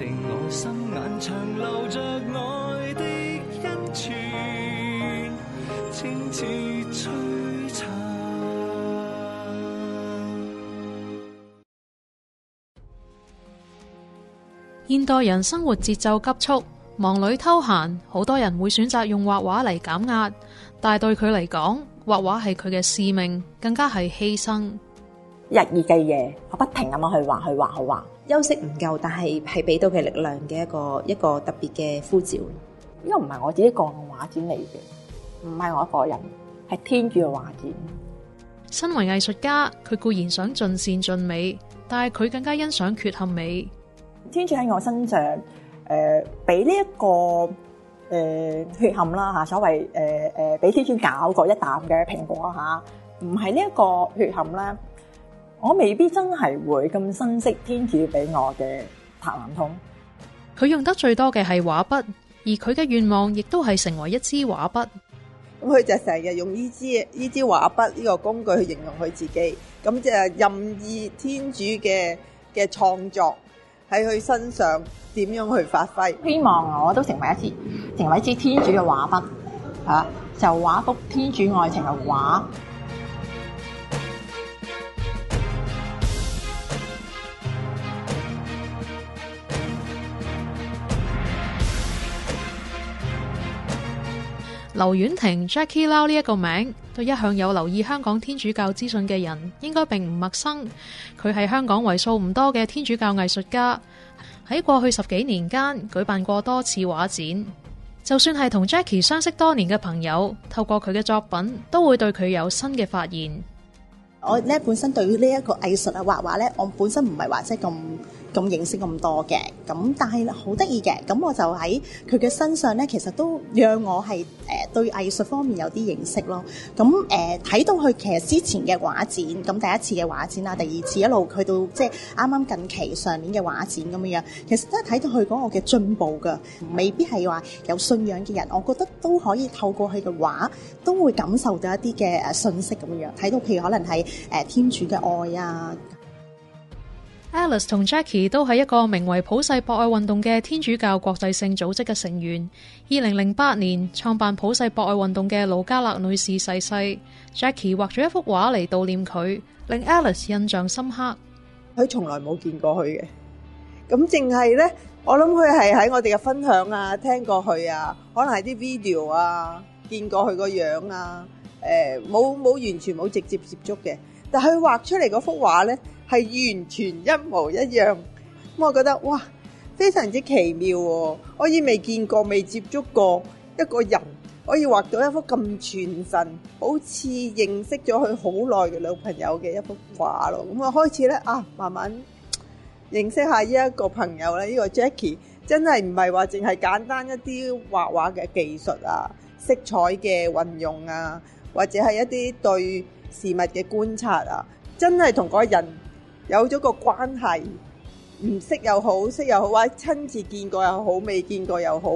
現代人生活節奏急促，忙裏偷閒，好多人會選擇用畫畫嚟減壓。但對佢嚟講，畫畫係佢嘅使命，更加係犧牲日以繼夜，我不停咁樣去畫，去畫，去畫。休息唔夠，但係係俾到嘅力量嘅一個一個特別嘅呼召。呢個唔係我自己個人畫展嚟嘅，唔係我一個人，係天主嘅畫展。身為藝術家，佢固然想盡善盡美，但係佢更加欣賞缺陷美。天主喺我身上，誒、呃，俾呢一個誒缺陷啦吓，所謂誒誒，俾、呃、天主搞過一啖嘅蘋果吓，唔、啊、係呢一個缺陷咧。我未必真係會咁珍惜天主俾我嘅塔冷通。佢用得最多嘅係畫筆，而佢嘅願望亦都係成為一支畫筆。咁佢就成日用呢支呢支畫筆呢個工具去形容佢自己。咁就任意天主嘅嘅創作喺佢身上點樣去發揮？希望我都成為一支成為一支天主嘅畫筆。吓、啊，就畫幅天主愛情嘅畫。劉婉婷 Jackie Lau 呢一個名，對一向有留意香港天主教資訊嘅人，應該並唔陌生。佢係香港為數唔多嘅天主教藝術家，喺過去十幾年間舉辦過多次畫展。就算係同 Jackie 相識多年嘅朋友，透過佢嘅作品，都會對佢有新嘅發現。我咧本身對於呢一個藝術啊畫畫咧，我本身唔係話即係咁。咁認識咁多嘅，咁但係好得意嘅，咁我就喺佢嘅身上咧，其實都讓我係誒對藝術方面有啲認識咯。咁誒、睇到佢其實之前嘅畫展，咁第一次嘅畫展啦，第二次一路去到即係啱啱近期上年嘅畫展咁樣，其實都係睇到佢嗰個嘅進步噶。未必係話有信仰嘅人，我覺得都可以透過佢嘅畫，都會感受到一啲嘅誒信息咁樣，睇到譬如可能係、呃、天主嘅愛啊。Alice 同 Jackie 都係一個名為普世博愛運動嘅天主教國際性組織嘅成員。二零零八年創辦普世博愛運動嘅盧嘉勒女士逝世，Jackie 畫咗一幅畫嚟悼念佢，令 Alice 印象深刻。佢從來冇見過佢嘅，咁淨係呢，我諗佢係喺我哋嘅分享啊，聽過佢啊，可能係啲 video 啊，見過佢個樣啊，誒、呃，冇冇完全冇直接接觸嘅，但佢畫出嚟嗰幅畫呢。係完全一模一樣，咁我覺得哇，非常之奇妙喎！我依未見過、未接觸過一個人可以畫到一幅咁全神，好似認識咗佢好耐嘅老朋友嘅一幅畫咯。咁我開始咧啊，慢慢認識下呢一個朋友咧，依、呢個 Jackie 真係唔係話淨係簡單一啲畫畫嘅技術啊、色彩嘅運用啊，或者係一啲對事物嘅觀察啊，真係同嗰個人。有咗個關係，唔識又好，識又好，或者親自見過又好，未見過又好，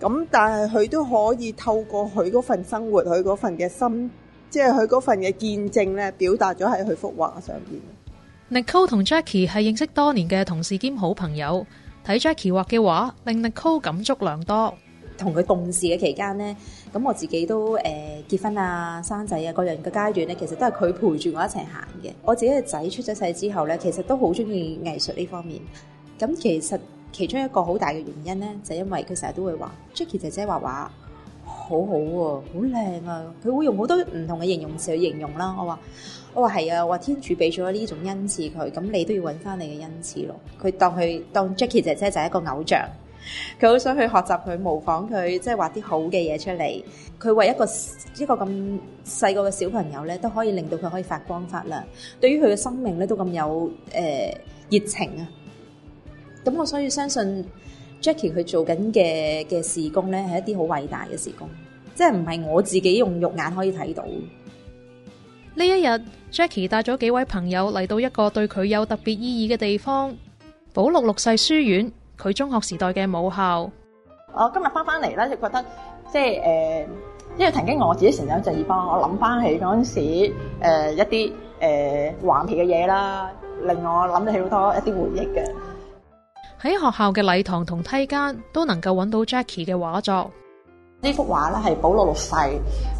咁但係佢都可以透過佢嗰份生活，佢嗰份嘅心，即係佢嗰份嘅見證咧，表達咗喺佢幅畫上邊。Nicole 同 Jackie 係認識多年嘅同事兼好朋友，睇 Jackie 畫嘅畫，令 Nicole 感觸良多。同佢共事嘅期間咧，咁我自己都誒、欸、結婚啊、生仔啊各樣嘅階段咧，其實都係佢陪住我一齊行嘅。我自己嘅仔出咗世之後咧，其實都好中意藝術呢方面。咁其實其中一個好大嘅原因咧，就係、因為佢成日都會話 Jackie 姐姐畫畫好好喎，好靚啊！佢、啊、會用好多唔同嘅形容詞去形容啦。我話我話係啊，話天主俾咗呢種恩賜佢，咁你都要搵返你嘅恩賜咯。佢當佢當 Jackie 姐姐就係一個偶像。佢好想去學習，佢模仿佢，即係畫啲好嘅嘢出嚟。佢為一個一個咁細個嘅小朋友咧，都可以令到佢可以發光發亮。對於佢嘅生命咧，都咁有誒、呃、熱情啊！咁我所以相信 Jackie 佢做緊嘅嘅事工咧，係一啲好偉大嘅事工，即係唔係我自己用肉眼可以睇到。呢一日，Jackie 帶咗幾位朋友嚟到一個對佢有特別意義嘅地方——保祿六,六世書院。佢中學時代嘅母校，我今日翻翻嚟咧，就覺得即係誒，因為曾經我自己成長就而家，我諗翻起嗰陣時誒一啲誒頑皮嘅嘢啦，令我諗得起好多一啲回憶嘅。喺學校嘅禮堂同梯間都能夠揾到 Jackie 嘅畫作。呢幅畫咧係保羅六世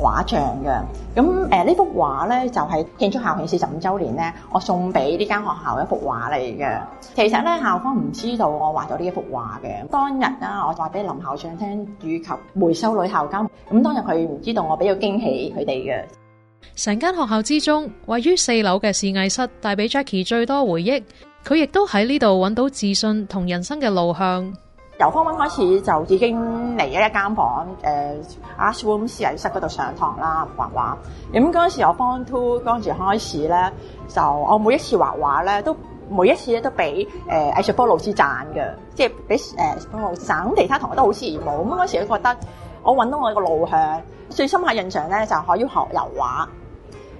畫像嘅，咁，誒呢幅畫咧就係慶祝校慶四十五周年咧，我送俾呢間學校一幅畫嚟嘅。其實咧校方唔知道我畫咗呢一幅畫嘅，當日啦我話俾林校長聽，以及梅修女校監，咁當日佢唔知道我俾咗驚喜佢哋嘅。成間學校之中，位於四樓嘅示藝室帶俾 Jackie 最多回憶，佢亦都喺呢度揾到自信同人生嘅路向。由方溫開始就已經嚟咗一間房誒 art room 視藝室，嗰度上堂啦畫畫。咁嗰陣時我 b two 嗰時開始咧，就我每一次畫畫咧，都每一次咧都俾誒 art school 老師讚嘅，即係俾誒老師讚。其他同學都好似冇。咁嗰陣時咧覺得我揾到我個路向。最深刻印象咧就可以要學油畫。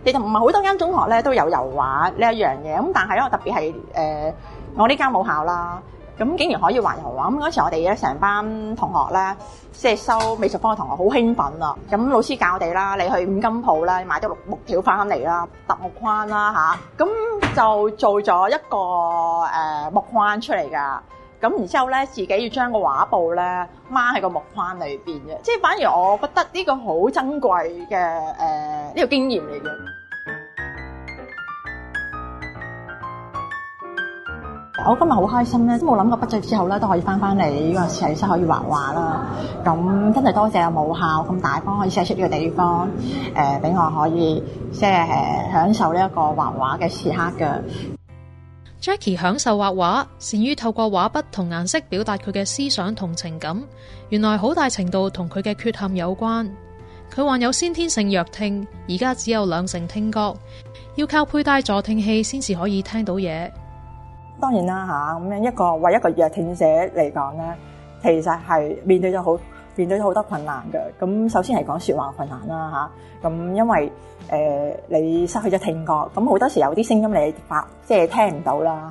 其實唔係好多間中學咧都有油畫呢一樣嘢。咁但係咧特別係、呃、我呢間母校啦。咁竟然可以畫油畫。咁嗰時，我哋咧成班同學咧，即係收美術科嘅同學，好興奮啊！咁老師教我哋啦，你去五金鋪啦，買六木條翻嚟啦，揼木框啦吓、咁就做咗一個、呃、木框出嚟噶。咁然之後咧，自己要將個畫布咧，掹喺個木框裏面嘅，即係反而我覺得呢個好珍貴嘅呢、呃呢個經驗嚟嘅。我今日好開心咧，都冇諗過畢業之後咧都可以翻翻嚟，呢個藝術室可以畫畫啦。咁真係多謝阿母校咁大方可以寫出呢個地方，誒、呃，俾我可以即係、呃、享受呢一個畫畫嘅時刻嘅。Jackie 享受畫畫，善於透過畫筆同顏色表達佢嘅思想同情感。原來好大程度同佢嘅缺陷有關。佢患有先天性弱聽，而家只有兩成聽覺，要靠佩戴助聽器先至可以聽到嘢。當然啦嚇，咁樣一個為一個弱聽者嚟講咧，其實係面對咗好面對咗好多困難嘅。咁首先係講説話困難啦嚇，咁因為誒你失去咗聽覺，咁好多時候有啲聲音你發即係聽唔到啦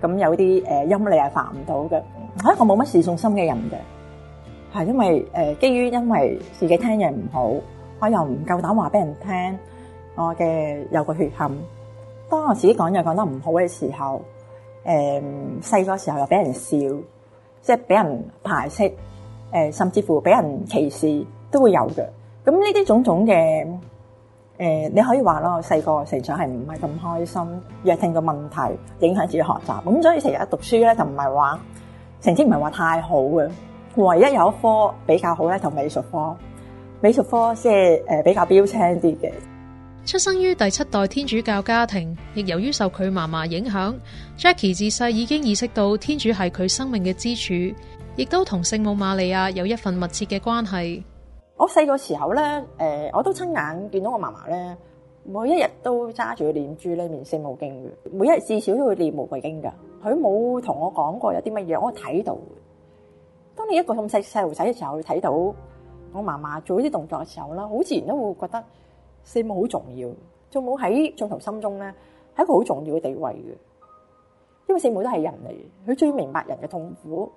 嚇，咁有啲誒音你係發唔到嘅。我一個冇乜自信心嘅人嘅，係因為誒基於因為自己聽嘢唔好，我又唔夠膽話俾人聽，我嘅有個缺陷。當我自己講嘢講得唔好嘅時候。誒，細個、嗯、時候又俾人笑，即係俾人排斥，誒、呃，甚至乎俾人歧視都會有嘅。咁呢啲種種嘅，誒、呃，你可以話啦，我細個成長係唔係咁開心，家庭嘅問題影響自己學習。咁所以成日讀書咧，就唔係話成績唔係話太好嘅，唯一有一科比較好咧就是美術科，美術科即係誒比較標青啲嘅。出生於第七代天主教家庭，亦由於受佢嫲嫲影響，Jackie 自細已經意識到天主係佢生命嘅支柱，亦都同聖母瑪利亞有一份密切嘅關係。我細個時候咧，誒，我都親眼見到我嫲嫲咧，每一日都揸住個念珠咧念聖母經嘅，每一日至少都會念玫瑰經噶佢冇同我講過有啲乜嘢，我睇到。當你一個咁細細路仔嘅時候，會睇到我嫲嫲做呢啲動作嘅時候啦，好自然都會覺得。聖母好重要，聖母喺信徒心中咧，喺一個好重要嘅地位嘅，因為聖母都係人嚟，佢最明白人嘅痛苦。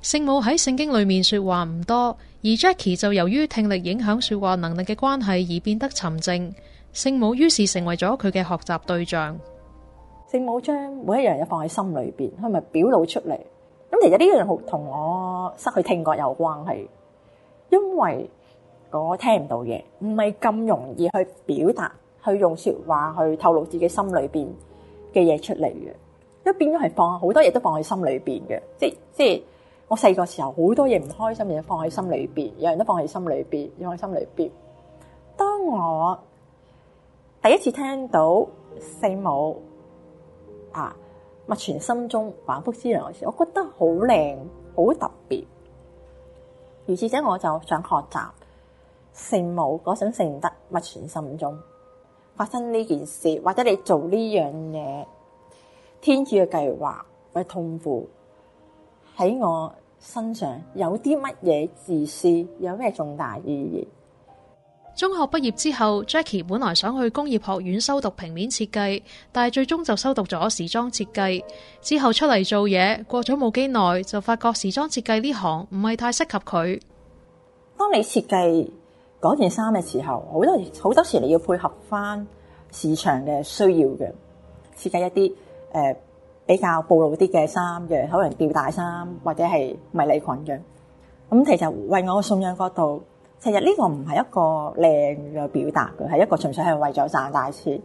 聖母喺聖經裏面說話唔多，而 Jackie 就由於聽力影響說話能力嘅關係而變得沉靜，聖母於是成為咗佢嘅學習對象。聖母將每一樣嘢放喺心裏邊，佢唔係表露出嚟。咁其實呢樣嘢同我失去聽覺有關係，因為。我聽唔到嘢，唔係咁容易去表達，去用說話去透露自己心裏面嘅嘢出嚟嘅，都變咗係放好多嘢都放喺心裏面嘅。即即我細個時候好多嘢唔開心嘅嘢放喺心裏面，有人都放喺心裏邊，放喺心裏邊。當我第一次聽到聖母，啊，默傳心中反覆思量嘅時候，我覺得好靚，好特別。如是者，我就想學習。聖母嗰種聖德默存心中，發生呢件事，或者你做呢樣嘢，天主嘅計劃，或者痛苦喺我身上有啲乜嘢自私，有咩重大意義？中學畢業之後，Jackie 本來想去工業學院修讀平面設計，但係最終就修讀咗時裝設計。之後出嚟做嘢，過咗冇幾耐，就發覺時裝設計呢行唔係太適合佢。當你設計。嗰件衫嘅時候，好多好多時候你要配合翻市場嘅需要嘅，設計一啲誒、呃、比較暴露啲嘅衫嘅，可能吊帶衫或者係迷你裙嘅。咁其實為我嘅信仰角度，其實呢個唔係一個靚嘅表達嘅，係一個純粹係為咗賺大錢。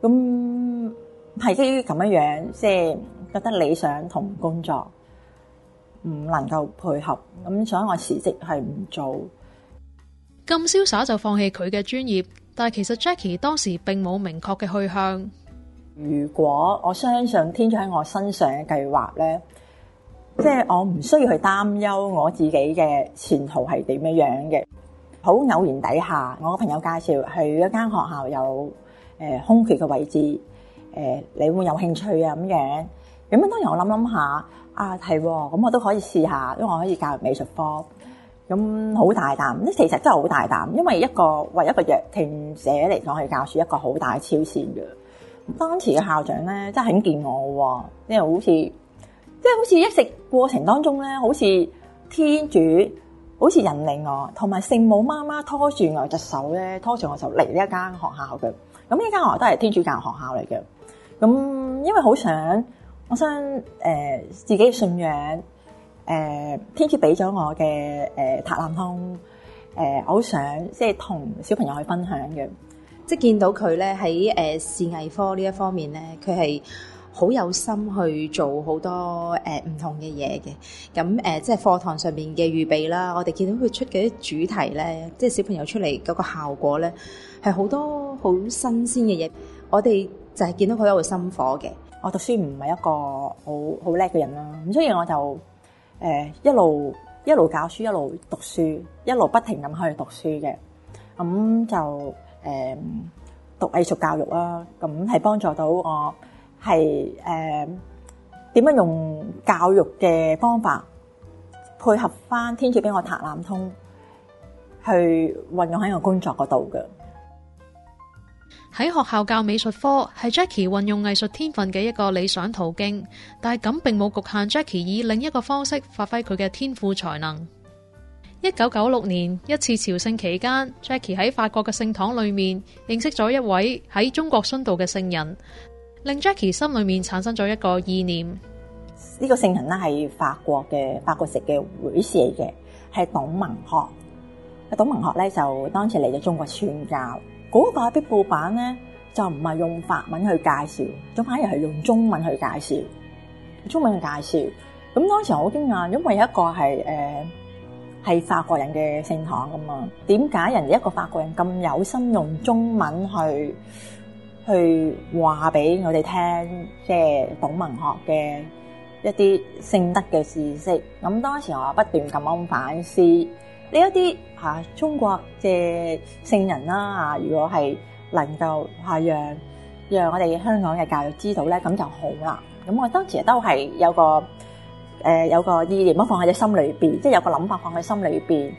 咁係至於咁樣樣，即係覺得理想同工作唔能夠配合，咁所以我辭職係唔做。咁瀟灑就放棄佢嘅專業，但係其實 Jackie 當時並冇明確嘅去向。如果我相信天主喺我身上嘅計劃咧，即係我唔需要去擔憂我自己嘅前途係點樣樣嘅。好偶然底下，我個朋友介紹去一間學校有誒、呃、空缺嘅位置，誒、呃、你會有興趣啊咁樣的。咁當然我諗諗下，啊係，咁、哦、我都可以試下，因為我可以教育美術科。咁好大膽，呢其實真係好大膽，因為一個為一個弱聽者嚟講，係教書一個好大嘅挑戰嘅。當時嘅校長咧，真係肯見我喎、哦，因為好似即係好似一食過程當中咧，好似天主好似引領我，同埋聖母媽媽拖住我隻手咧，拖住我就嚟呢一間學校嘅。咁呢間學校都係天主教學校嚟嘅。咁因為好想，我想誒、呃、自己信仰。誒、呃，天主俾咗我嘅誒、呃、塔藍通，誒、呃，我好想即係同小朋友去分享嘅，即係見到佢咧喺誒視藝科呢一方面咧，佢係好有心去做好多誒唔、呃、同嘅嘢嘅。咁誒、呃，即係課堂上面嘅預備啦，我哋見到佢出嘅啲主題咧，即係小朋友出嚟嗰個效果咧，係好多好新鮮嘅嘢。我哋就係見到佢有個心火嘅。我讀書唔係一個好好叻嘅人啦，咁所以我就，嗯、一路一路教書，一路讀書，一路不停咁去讀書嘅，咁、嗯、就、嗯、讀藝術教育啦，咁係幫助到我係誒點樣用教育嘅方法配合翻天主畀我塔南通去運用喺我工作嗰度嘅。喺學校教美術科，係 Jackie 運用藝術天分嘅一個理想途徑，但係咁並冇局限 Jackie 以另一個方式發揮佢嘅天賦才能。一九九六年一次朝聖期間，Jackie 喺法國嘅聖堂裏面認識咗一位喺中國殉道嘅聖人，令 Jackie 心裏面產生咗一個意念。呢個聖人呢係法國嘅，法國籍嘅會社嘅，係董文學。董文學咧就當時嚟咗中國傳教。嗰塊壁報板咧就唔係用法文去介紹，咁反而係用中文去介紹中文嘅介紹。咁當時我好驚訝，因為有一個係誒係法國人嘅聖堂噶嘛，點解人哋一個法國人咁有心用中文去去話俾我哋聽，即係懂文學嘅一啲聖德嘅知識？咁當時我不斷咁樣反思。呢一啲嚇中國嘅聖人啦，如果係能夠係讓讓我哋香港嘅教友知道咧，咁就好啦。咁我當時都係有個誒有個意念，放喺隻心裏邊，即係有個諗法放喺心裏邊。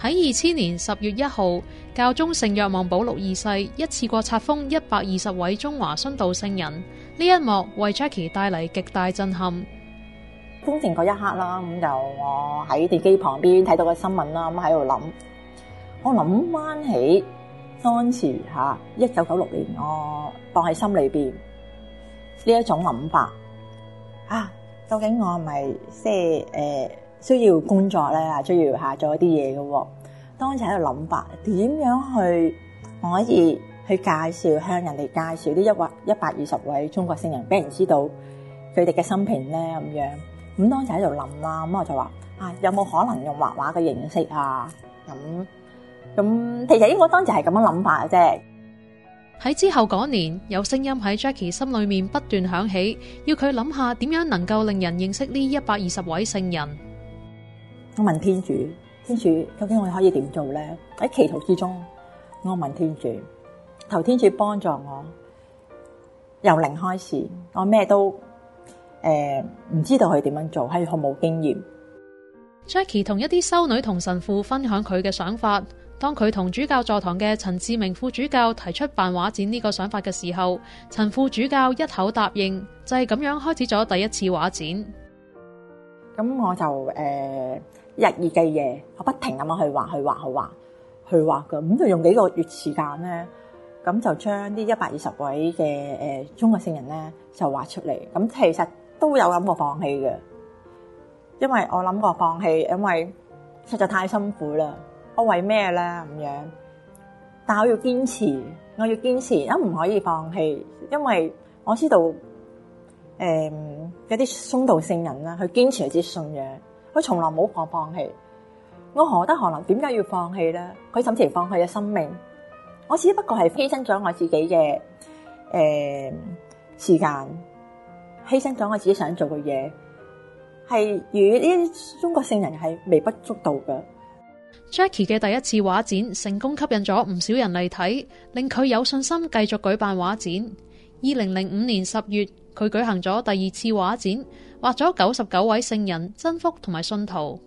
喺二千年十月一號，教宗聖若望保祿二世一次過冊封一百二十位中華殉道聖人，呢一幕為 Jacky 帶嚟極大震撼。封城嗰一刻啦，咁就我喺電機旁邊睇到個新聞啦，咁喺度諗，我諗翻起當時嚇一九九六年，我放喺心裏邊呢一種諗法啊，究竟我係咪即係誒需要工作咧，需要下載一啲嘢嘅？當時喺度諗法，點樣去可以去介紹向人哋介紹啲一百一百二十位中國聖人俾人知道佢哋嘅生平咧？咁樣。咁當時喺度諗啦，咁我就話：啊、哎，有冇可能用畫畫嘅形式啊？咁咁，其實我當時係咁樣諗法嘅啫。喺之後嗰年，有聲音喺 Jackie 心裡面不斷響起，要佢諗下點樣能夠令人認識呢一百二十位聖人。我問天主，天主究竟我可以點做咧？喺祈禱之中，我問天主，求天主幫助我，由零開始，我咩都。誒，唔知道佢點樣做，係好冇經驗。Jackie 同一啲修女同神父分享佢嘅想法。當佢同主教座堂嘅陳志明副主教提出辦畫展呢個想法嘅時候，陳副主教一口答應，就係、是、咁樣開始咗第一次畫展。咁我就誒、呃、日以繼夜，我不停咁樣去畫，去畫，去畫，去畫噶。咁就用幾個月時間咧，咁就將、呃、呢一百二十位嘅誒中國聖人咧就畫出嚟。咁其實。都有諗過放棄嘅，因為我諗過放棄，因為實在太辛苦啦。我為咩咧咁樣？但我要堅持，我要堅持，我唔可以放棄，因為我知道，誒、嗯，一啲松道性人啦，佢堅持一啲信仰，佢從來冇放放棄。我何德何能，點解要放棄咧？佢甚至放棄嘅生命？我只不過係犧牲咗我自己嘅誒、嗯、時間。犧牲咗我自己想做嘅嘢，係與呢啲中國聖人係微不足道嘅。Jackie 嘅第一次畫展成功吸引咗唔少人嚟睇，令佢有信心繼續舉辦畫展。二零零五年十月，佢舉行咗第二次畫展，畫咗九十九位聖人、真福同埋信徒。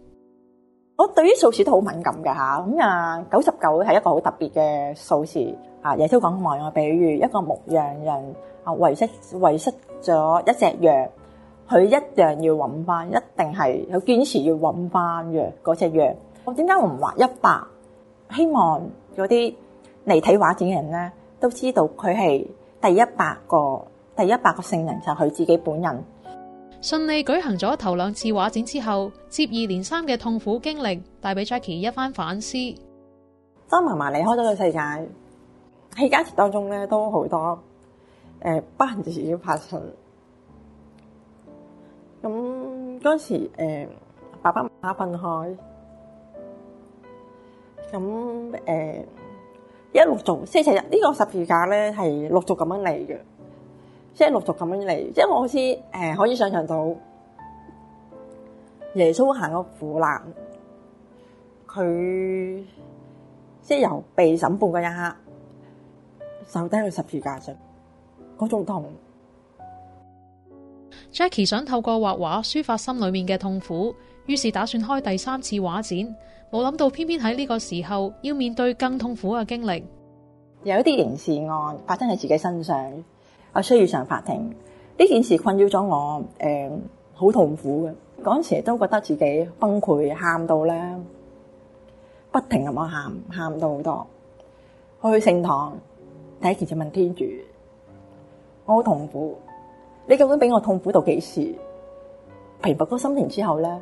我對於數字都好敏感㗎吓，咁啊九十九係一個好特別嘅數字啊！耶穌講過一個比喻，一個牧羊人遺失遺失咗一隻羊，佢一樣要搵翻，一定係有堅持要搵翻羊嗰隻羊。我點解我唔畫一百？希望有啲嚟睇畫展嘅人咧，都知道佢係第一百個，第一百個聖人就係佢自己本人。順利舉行咗頭兩次畫展之後，接二連三嘅痛苦經歷帶俾 Jackie 一番反思。當嫲嫲離開咗個世界，喺家庭當中咧都好多誒、呃、不幸嘅事要發生。咁當時誒、呃、爸爸媽媽分開，咁誒、呃、一陸續，即係呢個十字架咧係陸續咁樣嚟嘅。即係陸續咁樣嚟，即係我好似誒可以想象到耶穌行個苦難，佢即係由被審判嗰一刻受低佢十字架上，嗰種痛。Jackie 想透過畫畫抒發心裏面嘅痛苦，於是打算開第三次畫展，冇諗到偏偏喺呢個時候要面對更痛苦嘅經歷，有一啲刑事案發生喺自己身上。我需要上法庭，呢件事困擾咗我，誒、呃，好痛苦嘅。嗰陣時都覺得自己崩潰，喊到咧，不停咁樣喊，喊到好多。我去聖堂。第一件事就問天主，我好痛苦，你究竟俾我痛苦到幾時？平復咗心情之後咧，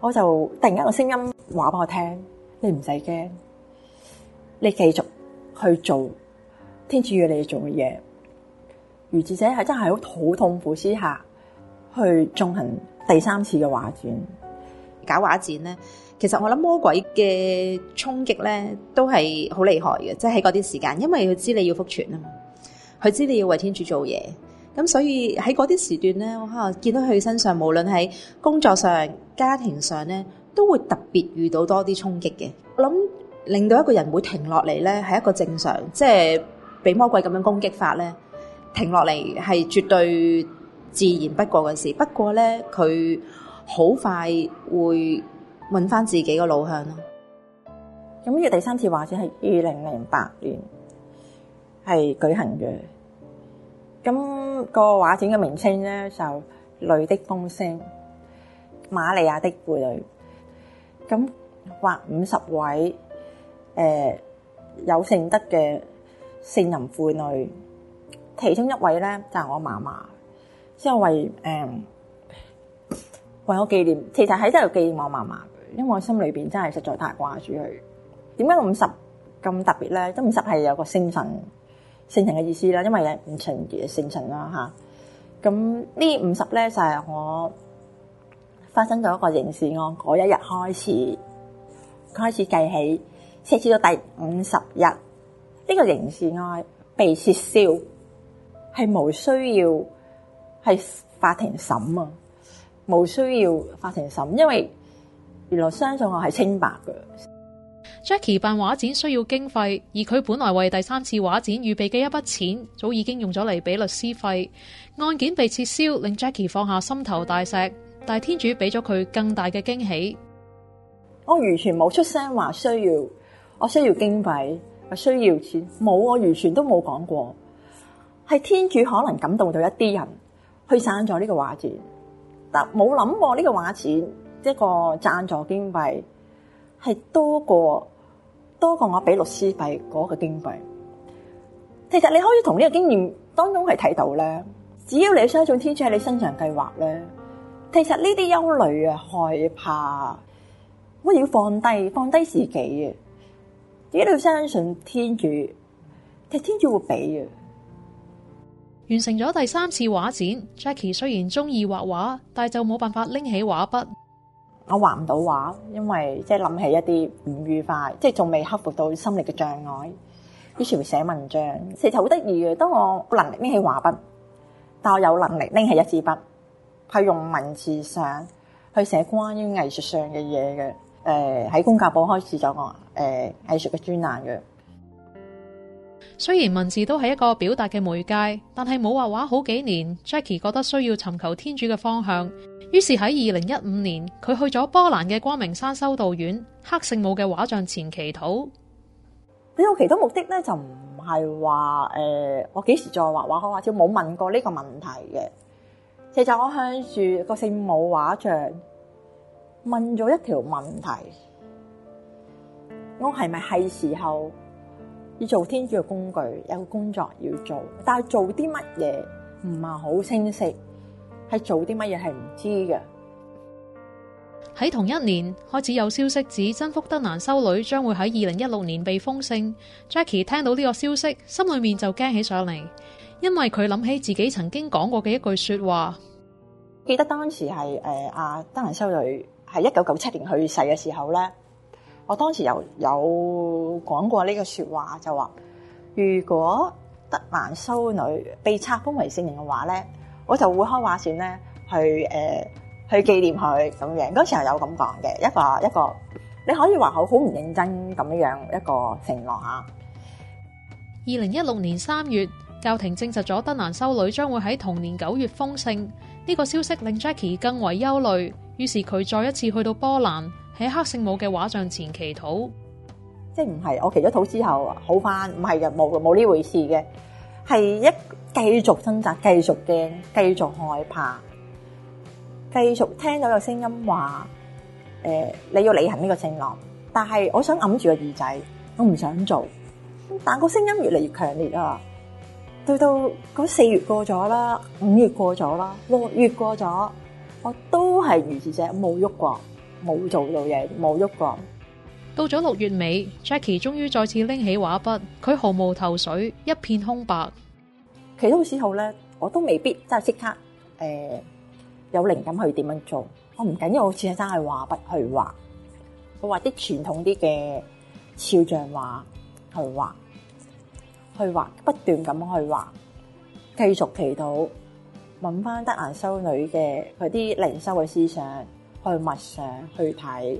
我就突然間個聲音話俾我聽：你唔使驚，你繼續去做天主要你做嘅嘢。愚智者係真係好好痛苦之下，去進行第三次嘅畫展。搞畫展咧，其實我諗魔鬼嘅衝擊咧，都係好厲害嘅，即係喺嗰啲時間，因為佢知你要福傳啊嘛，佢知你要為天主做嘢，咁所以喺嗰啲時段咧，我可能見到佢身上無論喺工作上、家庭上咧，都會特別遇到多啲衝擊嘅。我諗令到一個人會停落嚟咧，係一個正常，即係俾魔鬼咁樣攻擊法咧。停落嚟係絕對自然不過嘅事，不過咧，佢好快會揾翻自己嘅路向咯。咁呢個第三次畫展係二零零八年係舉行嘅，咁個畫展嘅名稱咧就《女的風聲》，瑪利亞的婦女。咁畫五十位，誒，有聖德嘅聖人婦女。其中一位咧就係、是、我嫲嫲，之、就、後、是、為誒、嗯、為我紀念。其實喺真係紀念我嫲嫲，因為我心裏邊真係實在太掛住佢。點解五十咁特別咧？都五十係有個聖神，聖神嘅意思啦，因為有五旬嘅聖神啦嚇。咁、啊、呢五十咧就係、是、我發生咗一個刑事案嗰一日開始開始計起，設置到第五十日呢、這個刑事案被撤銷。係無需要，係法庭審啊！無需要法庭審，因為原來相信我係清白嘅。Jackie 辦畫展需要經費，而佢本來為第三次畫展預備嘅一筆錢，早已經用咗嚟俾律師費。案件被撤銷，令 Jackie 放下心頭大石，但係天主俾咗佢更大嘅驚喜。我完全冇出聲話需要，我需要經費，我需要錢，冇，我完全都冇講過。係天主可能感動到一啲人去散咗呢個畫展，但冇諗過呢個畫展一，呢個贊助經費係多過多過我俾律師費嗰個經費。其實你可以同呢個經驗當中係睇到咧，只要你相信天主喺你身上計劃咧，其實呢啲憂慮啊、害怕，我哋要放低放低自己嘅，只要你相信天主，其實天主會俾嘅。完成咗第三次畫展，Jackie 雖然中意畫畫，但就冇辦法拎起畫筆，我畫唔到畫，因為即係諗起一啲唔愉快，即係仲未克服到心理嘅障礙，於是會寫文章，其實好得意嘅。當我能力拎起畫筆，但我有能力拎起一支筆，去用文字上去寫關於藝術上嘅嘢嘅。誒、呃，喺《公教報》開始咗我誒藝術嘅專欄嘅。呃雖然文字都係一個表達嘅媒介，但係冇畫畫好幾年，Jackie 覺得需要尋求天主嘅方向，於是喺二零一五年佢去咗波蘭嘅光明山修道院，黑聖母嘅畫像前祈禱。呢個其他目的咧就唔係話誒，我幾時再畫畫好或者冇問過呢個問題嘅。其實我向住個聖母畫像問咗一條問題，我係咪係時候？要做天主嘅工具，有個工作要做，但係做啲乜嘢唔係好清晰，係做啲乜嘢係唔知嘅。喺同一年開始有消息指真福德蘭修女將會喺二零一六年被封聖，Jackie 聽到呢個消息，心裏面就驚起上嚟，因為佢諗起自己曾經講過嘅一句說話，記得當時係阿、呃、德蘭修女喺一九九七年去世嘅時候咧。我當時又有講過呢個説話，就話如果德蘭修女被冊封為聖人嘅話呢，我就會開花船咧去誒、呃、去紀念佢咁樣。嗰時係有咁講嘅一個一個，你可以話好好唔認真咁樣一個承諾嚇。二零一六年三月，教廷證實咗德蘭修女將會喺同年九月封聖。呢、這個消息令 Jacky 更為憂慮，於是佢再一次去到波蘭。喺黑聖母嘅畫像前祈禱，即係唔係？我祈咗禱之後好返，唔係嘅，冇冇呢回事嘅，係一繼續掙扎，繼續驚，繼續害怕，繼續聽到有聲音話，誒、欸，你要履行呢個承諾，但係我想揞住個耳仔，我唔想做，但個聲音越嚟越強烈啊！到到嗰四月過咗啦，五月過咗啦，六月過咗，我都係如是者冇喐過。冇做到嘢，冇喐過。到咗六月尾，Jackie 終於再次拎起畫筆，佢毫無頭緒，一片空白。其他時候咧，我都未必即係即刻誒、呃、有靈感去點樣做。我唔緊要，我只係真係畫筆去畫，我畫啲傳統啲嘅肖像畫去畫，去畫，不斷咁去畫，繼續祈禱，揾翻德蘭修女嘅佢啲靈修嘅思想。去網上去睇，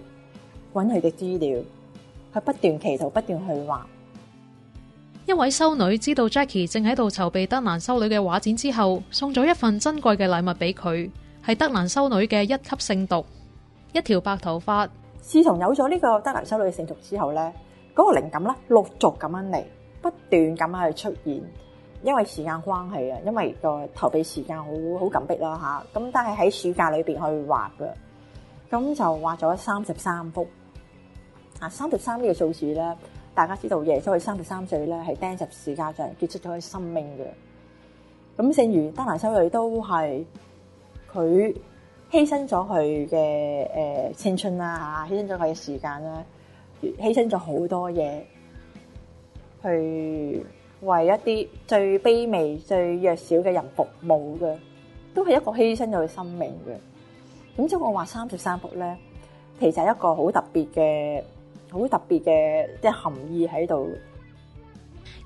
揾佢嘅資料，去不斷祈求，不斷去畫。一位修女知道 Jackie 正喺度籌備德蘭修女嘅畫展之後，送咗一份珍貴嘅禮物俾佢，係德蘭修女嘅一級聖髑，一條白頭髮。自從有咗呢個德蘭修女嘅聖髑之後呢嗰、嗰個靈感咧陸續咁樣嚟，不斷咁樣去出現。因為時間關係啊，因為個籌備時間好好緊迫啦吓，咁但係喺暑假裏邊去畫噶。咁就畫咗三十三幅。啊，三十三呢個數字咧，大家知道耶穌佢三十三歲咧係釘十字架上結束咗佢生命嘅。咁正如德蘭修女都係佢犧牲咗佢嘅誒青春啦、啊、嚇，犧牲咗佢嘅時間啦、啊，犧牲咗好多嘢去為一啲最卑微、最弱小嘅人服務嘅，都係一個犧牲咗佢生命嘅。咁即我話三十三幅咧，其實係一個好特別嘅、好特別嘅即含義喺度。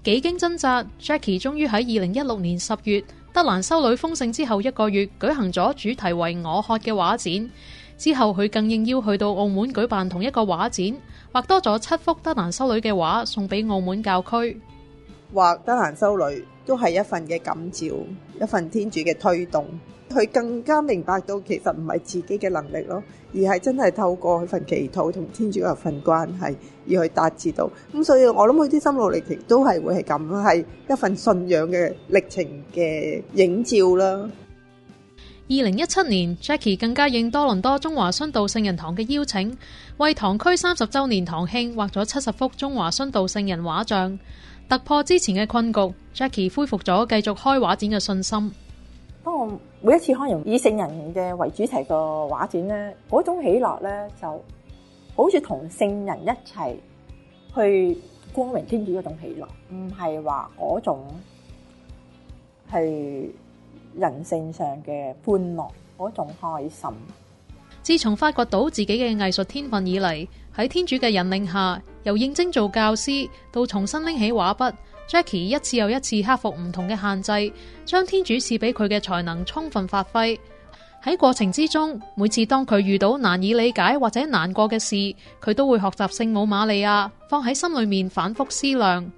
幾經掙扎，Jackie 終於喺二零一六年十月德蘭修女封聖之後一個月舉行咗主題為我渴嘅畫展。之後，佢更應邀去到澳門舉辦同一個畫展，畫多咗七幅德蘭修女嘅畫，送俾澳門教區畫德蘭修女。都係一份嘅感召，一份天主嘅推動。佢更加明白到其實唔係自己嘅能力咯，而係真係透過佢份祈禱同天主有份關係而去達至到。咁所以我諗佢啲心路歷程都係會係咁，係一份信仰嘅歷程嘅影照啦。二零一七年，Jackie 更加應多倫多中華殉道聖人堂嘅邀請，為堂區三十週年堂慶畫咗七十幅中華殉道聖人畫像。突破之前嘅困局，Jackie 恢復咗繼續開畫展嘅信心。當我每一次開完以聖人嘅為主題嘅畫展咧，嗰種喜樂咧就好似同聖人一齊去光榮天主嗰種喜樂，唔係話嗰種係人性上嘅歡樂，嗰種開心。自從發覺到自己嘅藝術天分以嚟，喺天主嘅引領下。由應徵做教師到重新拎起畫筆，Jackie 一次又一次克服唔同嘅限制，將天主賜俾佢嘅才能充分發揮。喺過程之中，每次當佢遇到難以理解或者難過嘅事，佢都會學習聖母瑪利亞，放喺心裏面反復思量。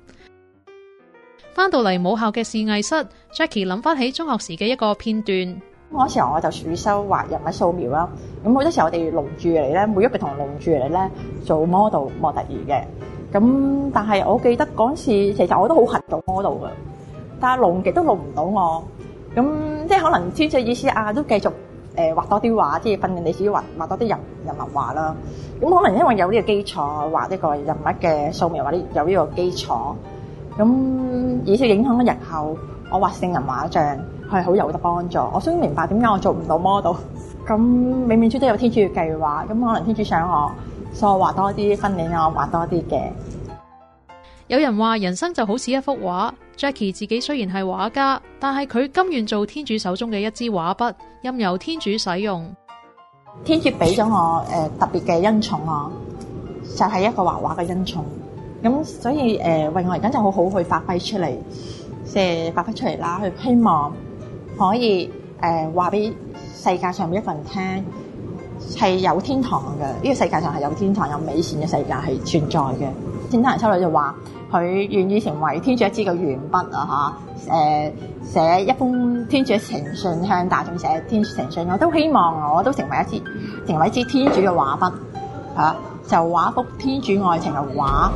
翻到嚟母校嘅示藝室，Jackie 諗翻起中學時嘅一個片段。咁嗰時候我就畫人物素描啦。咁好多時候我哋輪住嚟咧，每一個同輪住嚟咧做 model 模特兒嘅。咁但係我記得嗰陣時，其實我都好恨做 model 噶，但係輪極都輪唔到我。咁即係可能聽咗意思啊，都繼續誒畫多啲畫，即係訓練你自己畫畫多啲人人物畫啦。咁可能因為有呢個基礎，畫呢個人物嘅素描，或者有呢個基礎，咁而且影響咗日後我畫聖人畫像。係好有得幫助。我想明白點解我做唔到 model。咁冥冥中都有天主嘅計劃，咁可能天主想我，所以我畫多啲婚禮，我畫多啲嘅。有人話人生就好似一幅畫，Jackie 自己雖然係畫家，但係佢甘願做天主手中嘅一支畫筆，任由天主使用。天主俾咗我誒、呃、特別嘅恩寵啊，就係、是、一個畫畫嘅恩寵。咁所以誒、呃，為我而家就好好去發揮出嚟，即係發揮出嚟啦。去希望。可以誒話俾世界上每一個人聽，係有天堂嘅。呢個世界上係有天堂有美善嘅世界係存在嘅。天真人修女就話佢願意成為天主一支嘅鉛筆啊、呃、寫一封天主嘅情信，向大眾寫天主情信。我都希望我都成為一支成為一支天主嘅畫筆、啊、就畫一幅天主愛情嘅畫。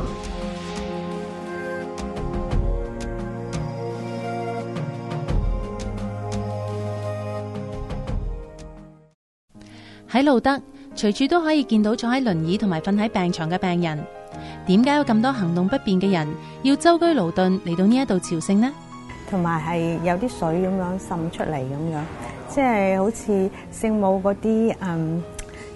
喺路德，隨處都可以見到坐喺輪椅同埋瞓喺病床嘅病人。點解有咁多行動不便嘅人要舟車勞頓嚟到呢一度朝聖呢？同埋係有啲水咁樣滲出嚟咁樣，即係好似聖母嗰啲，嗯，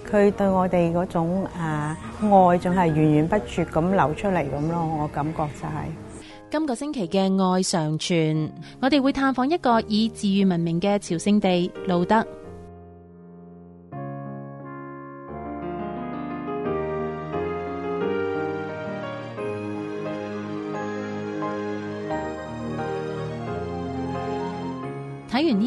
佢對我哋嗰種啊愛仲係源源不絕咁流出嚟咁咯。我感覺就係今個星期嘅愛常傳，我哋會探訪一個以治愈聞名嘅朝聖地路德。